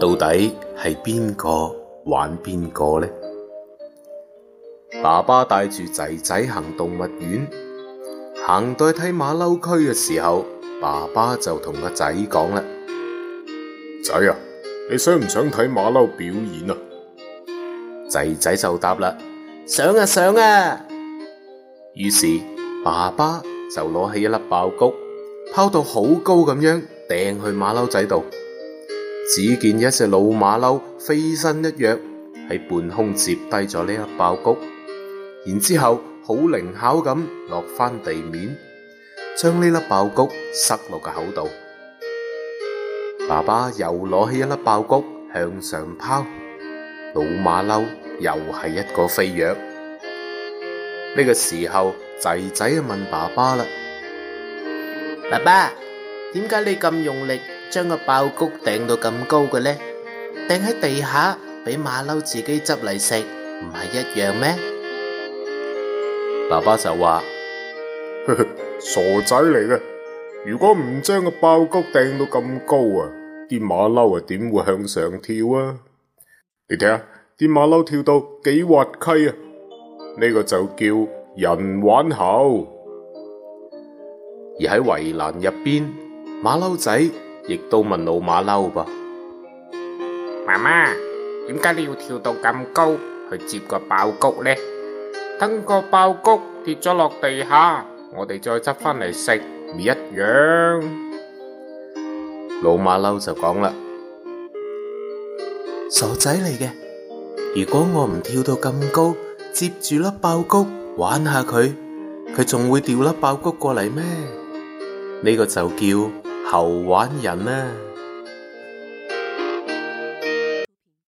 到底係邊個玩邊個呢？爸爸帶住仔仔行動物園，行到去睇馬騮區嘅時候，爸爸就同個仔講啦：仔啊，你想唔想睇馬騮表演啊？仔仔就答啦：想啊，想啊！於是爸爸就攞起一粒爆谷，拋到好高咁樣掟去馬騮仔度。只見一隻老馬騮飛身一躍，喺半空接低咗呢粒爆谷，然之後好靈巧咁落翻地面，將呢粒爆谷塞落個口度。爸爸又攞起一粒爆谷向上拋，老馬騮又係一個飛躍。呢個時候，仔仔啊問爸爸啦：爸爸，點解你咁用力？將個爆谷掟到咁高嘅呢，掟喺地下俾馬騮自己執嚟食，唔係一樣咩？爸爸就話： 傻仔嚟嘅。如果唔將個爆谷掟到咁高啊，啲馬騮啊點會向上跳啊？你睇下啲馬騮跳到幾滑稽啊！呢個就叫人玩猴。而喺圍欄入邊，馬騮仔。亦都問老馬騮噃。媽媽，點解你要跳到咁高去接個爆谷呢？等個爆谷跌咗落地下，我哋再執翻嚟食，唔一樣。老馬騮就講啦，傻仔嚟嘅。如果我唔跳到咁高，接住粒爆谷玩下佢，佢仲會掉粒爆谷過嚟咩？呢個就叫求玩人呢？